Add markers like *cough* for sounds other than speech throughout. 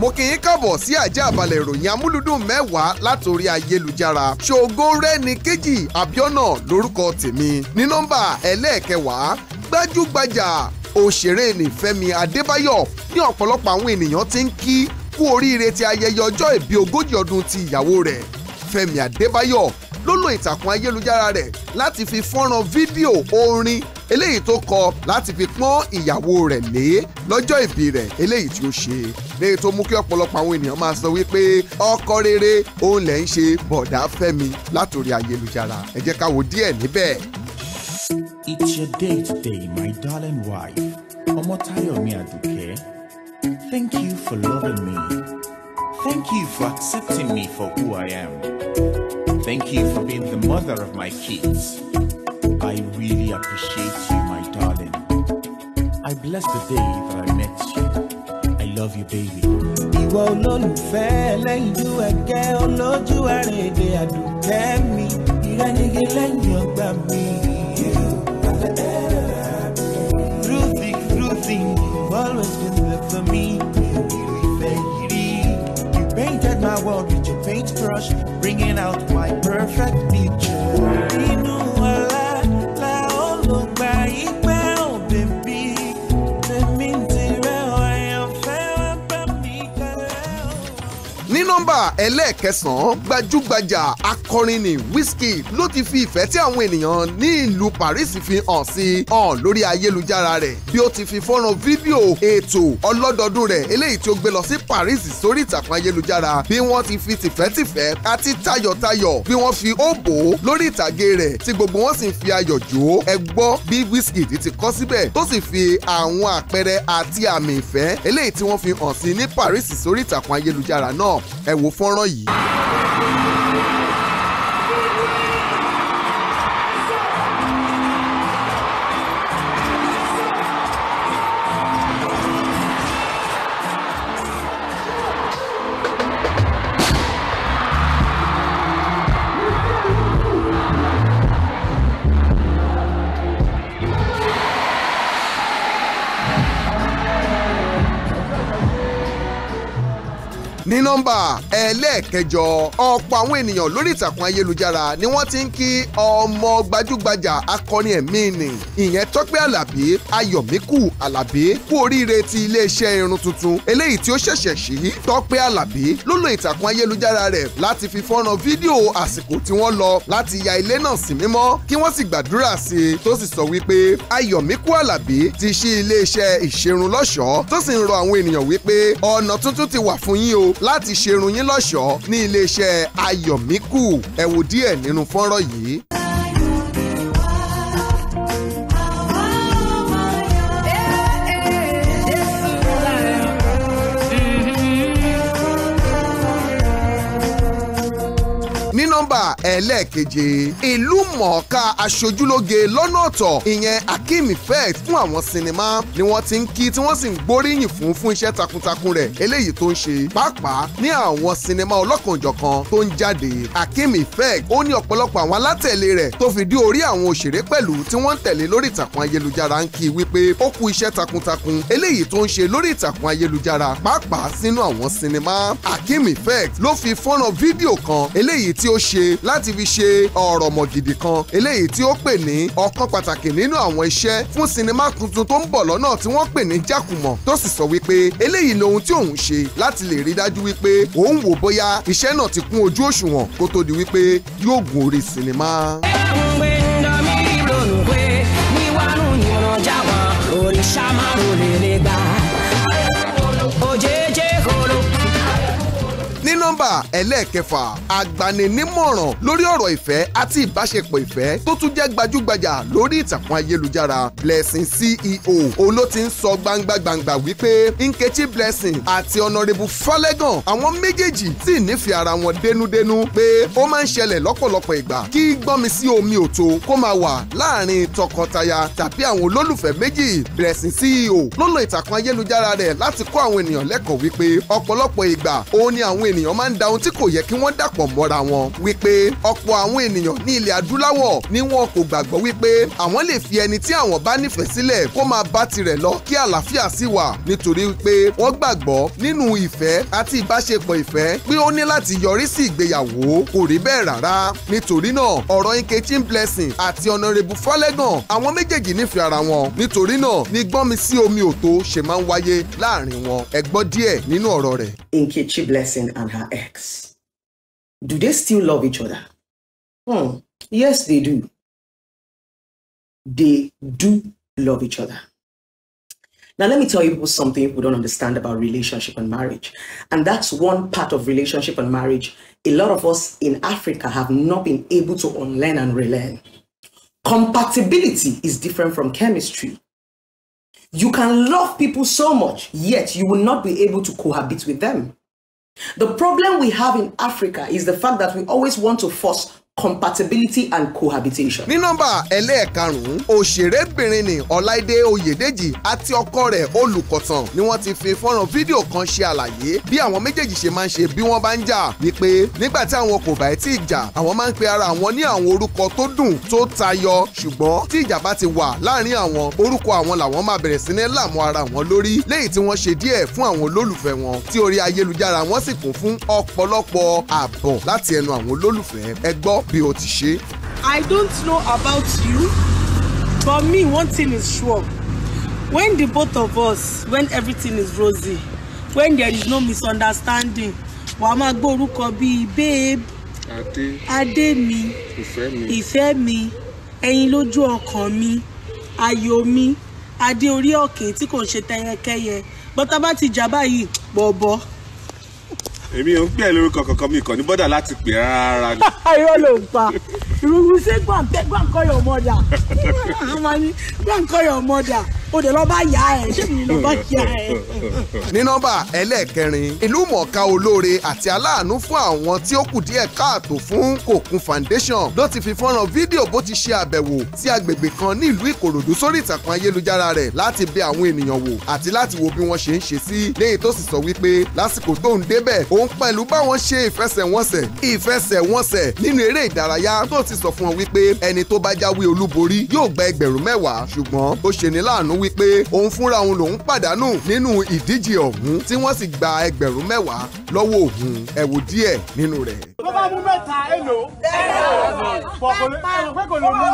mo kì í kàbọ̀ sí àjẹ́ àbálẹ̀ ìròyìn amúlùdùn mẹ́wàá látòrí ayélujára ṣògo rẹ́ni kejì abiona lórúkọ tèmi ní nọ́mbà ẹlẹ́ẹ̀kẹwàá gbajúgbajà òṣèré ni Fẹ́mi Adébáyọ̀ ní ọ̀pọ̀lọpọ̀ àwọn ènìyàn ti ń kí kú oríire ti ayẹyẹ ọjọ́ ìbí ogójì ọdún ti ìyàwó rẹ̀ Fẹ́mi Adébáyọ̀ ló lo ìtàkùn ayélujára rẹ̀ láti fi fọ́nrán fídíò orin eléyìí tó kọ láti fi pọ́n ìyàwó rẹ̀ lé lọ́jọ́ ìbí rẹ̀ eléyìí tí ó ṣe léyìí tó mú kí ọ̀pọ̀lọpọ̀ àwọn ènìyàn máa sọ wípé ọkọ rere òun lẹ̀ ń ṣe bọ̀dá fẹ́mi látòrí ayélujára ẹ jẹ́ ká wo díẹ̀ níbẹ̀. It's your day today, my darling wife. Omotayomi Aduke. Thank you for loving me. Thank you for accepting me for who I am. Thank you for being the mother of my kids. I really appreciate I bless the day that I met you. I love you, baby. Ìwọ olólùfẹ́ lẹ́yìn ju ẹ̀gẹ́ olójú àrèdè àdùkẹ́ mi. Ìrẹ́nigé lẹ́yìn ọgbà mi. nọ́mbà ẹlẹ́ẹ̀kẹsàn-án gbajúgbajà akọrin ni Wizkid ló ti fi ìfẹ́ tí àwọn ènìyàn ní ìlú Paris fi hàn sí hàn lórí ayélujára rẹ̀ bí ó ti fi fọ́nrán fídíò ètò ọlọ́dọọdún rẹ̀ eléyìí tí ó gbé lọ sí Paris sórí ìtàkùn ayélujára bí wọ́n ti fi tìfẹ́tìfẹ́ àti tayọ̀tayọ̀ bí wọ́n fi ó bò ó lórí ìtàgé rẹ̀ tí gbogbo wọn sì fi ayọ̀ jó ẹ gbọ́ bí Wizkid ti kọ síbẹ̀ tó sì fi àwọn àpẹẹrẹ àti àmì ìfẹ́ eléyìí tí wọ́n fi hàn sí ní Paris sórí ìtàkùn ayélujára náà ẹ wo fọ́nrán yìí. nọ́mbà ẹlẹ́ẹ̀kẹjọ ọ̀pọ̀ àwọn ènìyàn lórí ìtàkùn ayélujára ni wọ́n ti ń kí ọmọ gbajúgbajà akọrin ẹ̀mí nì ìyẹn tọ́pẹ́ àlàbí ayọ̀míkù àlàbí kú oríire ti iléeṣẹ́ irun tuntun eléyìí tí ó ṣẹ̀ṣẹ̀ ṣí tọ́pẹ́ àlàbí ló lo ìtàkùn ayélujára rẹ̀ láti fi fọ́nrán fídíò àsìkò tí wọ́n lọ láti ya ilé náà sí mímọ́ kí wọ́n sì gbàdúrà sí i tó sì sọ wípé ayọ̀míkù àlàbí ti ṣí iléeṣẹ́ ìṣerun lọ́ṣọ̀ọ́ tó sì ń rọ àwọn láti ṣerun yín lọ́ṣọ̀ọ́ ní iléeṣẹ́ ayọ̀míkù ẹ díẹ̀ nínú fọ́nrán yìí. nọ́mbà ẹlẹ́ẹ̀keje ìlú mọ̀ọ́ká aṣojúlóge lọ́nà ọ̀tọ̀ ìyẹn akeem effect fún àwọn sinimá ni wọ́n ti ń kí tí wọ́n sì ń gbóríyìn fún fún iṣẹ́ takuntakun rẹ̀ eléyìí tó ń ṣe pàápàá ní àwọn sinimá ọlọ́kanòjọ̀kan tó ń jáde akeem effect ó ní ọ̀pọ̀lọpọ̀ àwọn alátẹ̀lé rẹ̀ tó fi dé orí àwọn òṣèré pẹ̀lú tí wọ́n ń tẹ̀lé lórí ìtàkùn ayélujára ń kí wípé ó kú iṣẹ́ takuntakun eléyìí tó ń ṣe lórí ṣe láti fi ṣe ọ̀rọ̀ mọ̀gìdì kan eléyìí tí ó pè ní ọ̀kan pàtàkì nínú àwọn iṣẹ́ fún sinimá tuntun tó ń bọ̀ lọ́nà tí wọ́n pè ní jákùmọ̀ tó sì sọ wípé eléyìí ni ohun tí òun ṣe láti lè rí dájú wípé òun wò bóyá iṣẹ́ náà ti kún ojú òṣùwọ̀n kó tó di wípé yóò gun orí sinimá. ẹlẹ́ẹ̀kẹfà agbaninímọ̀ràn lórí ọ̀rọ̀ ìfẹ́ àti ìbáṣepọ̀ ìfẹ́ tó tún jẹ́ gbajúgbajà lórí ìtàkùn ayélujára Blessing CEO òun ló ti ń sọ gbangba gbangba wípé Nkechi Blessing àti Honourable Falegan àwọn méjèèjì sì nífẹ̀ẹ́ ara wọn dénúdénú pé ó máa ń ṣẹlẹ̀ lọ́pọ̀lọpọ̀ ìgbà kí gbọ́nmi sí omi òtó kó máa wà láàrin tọkọtaya tàbí àwọn olólùfẹ́ méjì Blessing CEO ló lo ìtàkùn ayélujára rẹ̀ láti kọ́ àwọn ènìyàn lẹ́kọ̀ọ́ wípé ọ̀pọ̀lọpọ̀ ìgbà òun ni àwọn ènìyàn máa ń da ohun tí kò yẹ kí wọ́n dàpọ̀ mọ́ra wọn wípé ọ̀pọ̀ àwọn ènìyàn ní ilẹ̀ adúláwọ̀ ni wọn kò gbàgbọ́ wípé àwọn lè fi ẹni tí àwọn bá nífẹ̀ẹ́ sílẹ̀ kó máa bá tirẹ̀ lọ kí àlàáfíà sì wà nítorí pé wọ́n gbàgbọ́ nínú ìfẹ́ àti ìbáṣepọ̀ ìfẹ́ pé ó ní láti yọrí sí ìgbéyàwó kò rí bẹ́ẹ̀ rárá nítorí náà ọ̀rọ̀ Nkechi Blessing àti Honourable Fọlẹ́gàn àwọn méjèèjì nífẹ̀ẹ́ ara wọn nítorí náà ni gbọ́n sí omi òtó ṣe máa ń wáyé láàrin wọn ẹ díẹ̀ nínú ọ̀rọ̀ rẹ̀. Kitchi Blessing and her ex. Do they still love each other? Hmm. Yes, they do. They do love each other. Now, let me tell you something we don't understand about relationship and marriage. And that's one part of relationship and marriage. A lot of us in Africa have not been able to unlearn and relearn. Compatibility is different from chemistry. You can love people so much, yet you will not be able to cohabit with them. The problem we have in Africa is the fact that we always want to force compatibility and cohabitation. ní nọ́mbà ẹlẹ́ẹ̀karùn òṣèrébìnrin ni ọláìdé oyèdèjì àti ọkọ rẹ̀ olùkọ̀tàn ni wọ́n ti fi fọ́nrán fídíò kan ṣe àlàyé bí àwọn méjèèjì ṣe máa ń ṣe bí wọ́n bá ń jà wípé nígbà tí àwọn kò bá ẹ̀ tí ì jà àwọn máa ń pe ara àwọn ní àwọn orúkọ tó dùn tó tayọ ṣùgbọ́n tí ìjà bá ti wà láàrin àwọn orúkọ àwọn làwọn máa bẹ̀rẹ̀ sí ní làmú ara wọn lórí léyìí tí wọ́n ṣe díẹ̀ fún àwọn olólùfẹ́ wọn tí orí ayélujára wọn sì kún fún ọ̀pọ̀lọpọ̀ àbọ̀ láti ẹnu àwọn olólùfẹ́ ẹ bí o ti ṣe. I don't know about you but me one thing is sure when the both of us when everything is rosy when there is no misunderstanding wàá máa gbọ́ orúkọ bíi babe adé adé mi ìfẹ́ mi ìfẹ́ mi ẹyin lójú ọkàn mi ayọ̀ mi adé orí òkè tí kò ṣe tẹyẹkẹyẹ bọ́tá bá ti jà báyìí bọ̀bọ̀ èmi ò ń pè é lórúkọ kankan mi kàn ní bọ́dà láti pè é rárá ni. irọ́ *laughs* ló ń pa ìrùwù ṣé gbàǹkọ́yọ̀ mọ́dà gbàǹkọ́yọ̀ mọ́dà o dẹ̀ lọ bá yà ẹ̀ ṣé mi lọ bá yà ẹ̀. ní nọ́mbà ẹlẹ́ẹ̀kẹrin ìlúmọ̀ọ́ká olóore àti aláàánú fún àwọn tí ó kù díẹ̀ káàtó fún kòkun foundation ló ti fi fọ́nrán fídíò bó ti ṣe àbẹ̀wò sí agbègbè kan ní ìlú ìkòròdú sórí ìtàkùn ayélujára rẹ̀ láti bẹ àwọn ènìyàn wò àti láti wo bí wọ́n ṣe ń ṣe sí léyìí tó sì sọ wípé lásìkò tóun débẹ̀ òun pẹ̀lú báwọn ṣe ìfẹsẹ̀wọnsẹ̀ ìfẹsẹ̀wọnsẹ̀ nínú eré ìdárayá tó ti sọ fún wọn wípé ẹni tó bá jáwé olúborí yóò gba ẹgbẹ̀rún mẹ́wàá ṣùgbọ́n ó ṣeni láàánú wípé òun fúnra òun lòun pàdánù nínú ìdíje ọ̀hún tí wọ́n sì gba ẹgbẹ̀rún mẹ́wàá lọ́wọ́ òun ẹ wo díẹ̀ nínú rẹ̀. tó bá mú mẹ́ta èlò. bọ́ọ̀kọ̀ ló ń pẹ́ kò ló mú.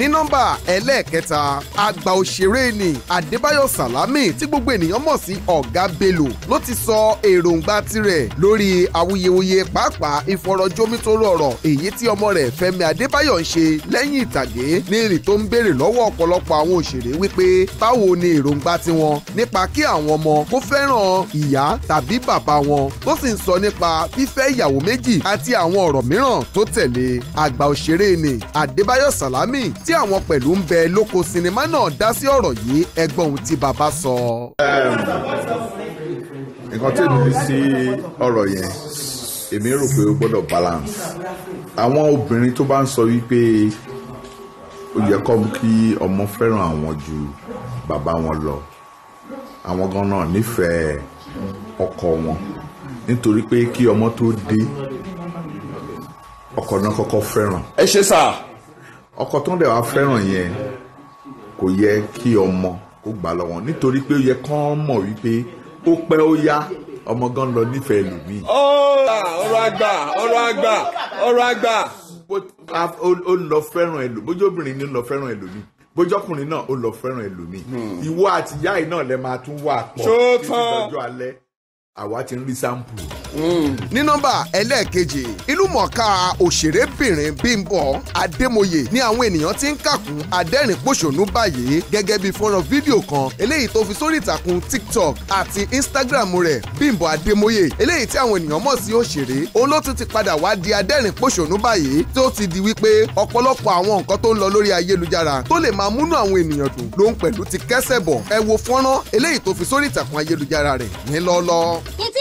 ní nọ́mbà ẹlẹ́ẹ̀kẹta àgbà òṣèré ni Adébáyọ̀ Sàlámì tí gbogbo ènìyàn mọ̀ sí Ọ̀gá Bello ló ti sọ èròǹgbà tirẹ̀ lórí awuyewuye pàápàá ìfọ̀rọ̀jomitoro ọ̀rọ̀ èyí tí ọmọ rẹ̀ Fẹ́mi Adébáyọ̀ ń ṣe lẹ́yìn ìtàgé ní èrè tó ń béèrè lọ́wọ́ ọ̀pọ̀lọpọ̀ àwọn òṣèré wípé báwo ni èròǹgbà tiwọn nípa kí àwọn ọmọ kó fẹ́ràn ìyá tàbí bàbá wọn tó sì ń sọ nípa fífẹ́ ìyàwó méjì àti àwọn ọ̀rọ̀ mìíràn tó tẹ̀lé àgbà òṣèré ni Adébáyọ̀ Sàlámì t tí àwọn pẹ̀lú ń bẹ lóko sinimá náà dá sí ọ̀rọ̀ yìí ẹgbọ́n ohun tí bàbá sọ. nǹkan tí èmi sí ọ̀rọ̀ yẹn èmi rò pé ó gbọ́dọ̀ balance àwọn obìnrin tó bá ń sọ wípé ó yẹ kọ́ kí ọmọ fẹ́ràn àwọn ju bàbá wọn lọ àwọn ganan nífẹ̀ẹ́ ọkọ wọn nítorí pé kí ọmọ tó dé ọkọ náà kọ́kọ́ fẹ́ràn. ẹ ṣe sáà ọkọ tó ń dẹ̀ wá fẹ́ràn yẹn kò yẹ kí ọmọ kó gbà lọ́wọ́ nítorí pé ó yẹ kán mọ̀ wípé ó pẹ́ ó yá ọmọ gan lọ nífẹ̀ẹ́ lùmí. ọ̀rọ̀ àgbà ọ̀rọ̀ àgbà ọ̀rọ̀ àgbà. ó lọ fẹ́ràn ẹlòmí bójóbìnrin ni ó lọ fẹ́ràn ẹlòmí bójọkùnrin náà ó lọ fẹ́ràn ẹlòmí hmm. ìwọ àtìyá yìí náà lẹ máa tún wà pọ̀ títí lọ́jọ́ alẹ́ àwa ti ń rí sáǹpù ní nọ́mbà ẹlẹ́ẹ̀kejì ìlúmọ̀ọ́ká òṣèrébìnrin Bímbọ́ Adémoyè ni àwọn ènìyàn ti ń kàkún adẹ́rìn-pòṣónú báyìí gẹ́gẹ́ bí fọ́nrán fídíò kan eléyìí tó fi sórí ìtàkùn TikTok àti Instagram rẹ̀ Bímbọ́ Adémoyè eléyìí tí àwọn ènìyàn mọ̀ sí òṣèré òun ló tún ti padà wá di adẹ́rìn-pòṣónú báyìí tí ó ti di wípé ọ̀pọ̀lọpọ̀ àwọn nǹkan tó ń lọ lórí ayélujára tó lè máa múnú àwọn ènìyàn dùn ló ń pẹ̀lú ti kẹ́sẹ̀ bọ̀ ẹ wo fọ́nrán eléyìí tó fi sórí ìtàkùn ayélujára rẹ̀ nílọ́lọ́. ìtí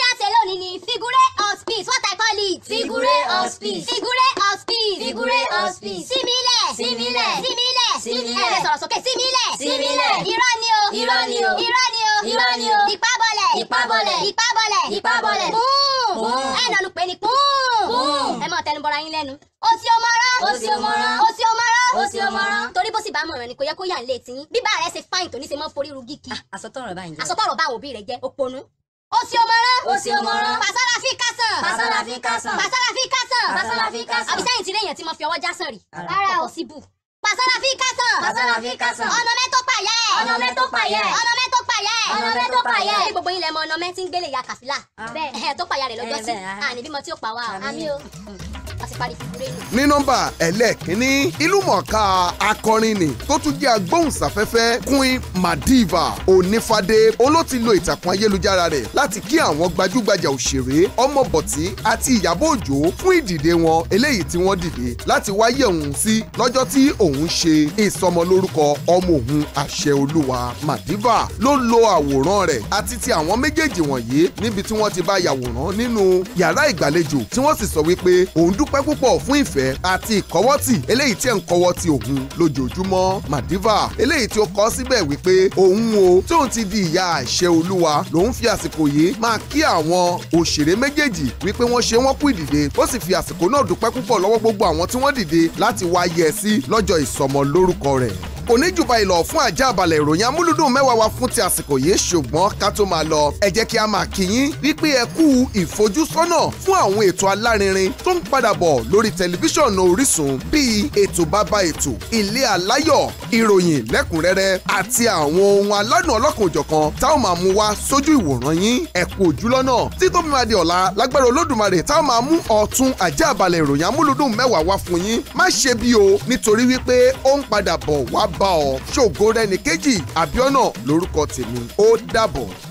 ni figure of speech what I call it. figure of speech figure of speech figure of speech simile simile simile simile ẹ sọ̀rọ̀ sókè simile simile irọ́ ni o irọ́ ni o irọ́ ni o irọ́ ni o ìpábọlẹ̀ ìpábọlẹ̀ ìpábọlẹ̀ ìpábọlẹ̀ pún ẹ nọnu pé ni pún Osiomara. mọ tẹnubọra yín lẹ́nu. o ti o mọ rán o ti o mọ rán o ti o mọ rán o ti o mọ rán. torí bó sì bá mọ̀ràn ni kò yẹ kó yà ń lé tiyín bíbá rẹ ṣe fáìn tó ní ṣe mọ́ forí ru gíkì. Ah, àsọtọ̀rọ̀ báyìí jẹ́ àsọtọ̀rọ̀ báwo bí rẹ jẹ́ òpònú Osiomoro. Osiomoro. Pàṣọ́lá fi kásán. Pàṣọ́lá fi kásán. Pàṣọ́lá fi kásán. Pàṣọ́lá fi kásán. Àbí sẹ́yìn tí lẹ́yìn tí mo fi ọwọ́ jásán rí. Rárá o. Òsì bù. Pàṣọ́lá fi kásán. Pàṣọ́lá fi kásán. Ọ̀nà mẹ́ tó pààyà ẹ̀. Ọ̀nà mẹ́ tó pààyà ẹ̀. Ọ̀nà mẹ́ tó pààyà ẹ̀. Ọ̀nà ya kàfílà. Ah. Bẹ́ẹ̀ tó pààyà rẹ̀ lọ́jọ́ sí. Ah. Àní bímọ tí ó pa wá. Àmì o. Mm ní nọ́mbà ẹlẹ́ẹ̀kínní ìlúmọ̀ọ́ká akọrin ni tó tún jẹ́ agbóhùnsáfẹ́fẹ́ Queen Madiva onífàdé olóòtí lo ìtàkùn ayélujára rẹ̀ láti kí àwọn gbajúgbajà òṣèré ọmọbọ̀tí àti ìyàbọ̀ òjò fún ìdìde wọn eléyìí tí wọ́n dìde láti wáyé òun sí lọ́jọ́ tí òun ṣe ìsọmọlórúkọ ọmọ òun àṣẹ olúwa Madiva ló lo àwòrán rẹ̀ àti ti àwọn méjèèjì wọ̀nyí níbi tí wọ́n ti bá yàwòrán nínú yàrá ìgbàlejò tí wọ́n sì sọ wípé òun dúk dúpẹ́ púpọ̀ fún ìfẹ́ àti ìkọ́wọ́tì eléyìí tí ẹ̀ ń kọ́wọ́ ti òun lójoojúmọ́ madiva eléyìí tí ó kọ síbẹ̀ wípé òun o tí òun ti di ìyá àṣẹ olúwa lòun fi àsìkò yìí máa kí àwọn òṣèré méjèèjì wípé wọ́n ṣe wọ́n kú ìdìde ó sì fi àsìkò náà dúpẹ́ púpọ̀ lọ́wọ́ gbogbo àwọn tí wọ́n dìde láti wáyé ẹ sí lọ́jọ́ ìsọmọlórúkọ rẹ̀ kò ní jù báyìí lọ fún ajá balẹ̀ ìròyìn amúlùdùn mẹ́wàá wa fún ti àsìkò yìí ṣùgbọ́n ká tó máa lọ ẹ jẹ́ kí a máa kí yín wípé ẹ kú ìfojúsọ́nà fún àwọn ètò alárinrin tó ń padà bọ̀ lórí tẹlifíṣàn Orísun bíi ètò bàbá ètò ilé aláyọ̀ ìròyìn lẹ́kùnrẹ́rẹ́ àti àwọn ohun aládùn ọlọ́kan-ò-jọ̀kan táwọn máa mú wá sójú ìwòran yín ẹ kú ojú lọ́nà tí tó bá ọ ṣògo rẹ ní kejì àbíọ́nà lórúkọ tèmi ó dàbọ̀.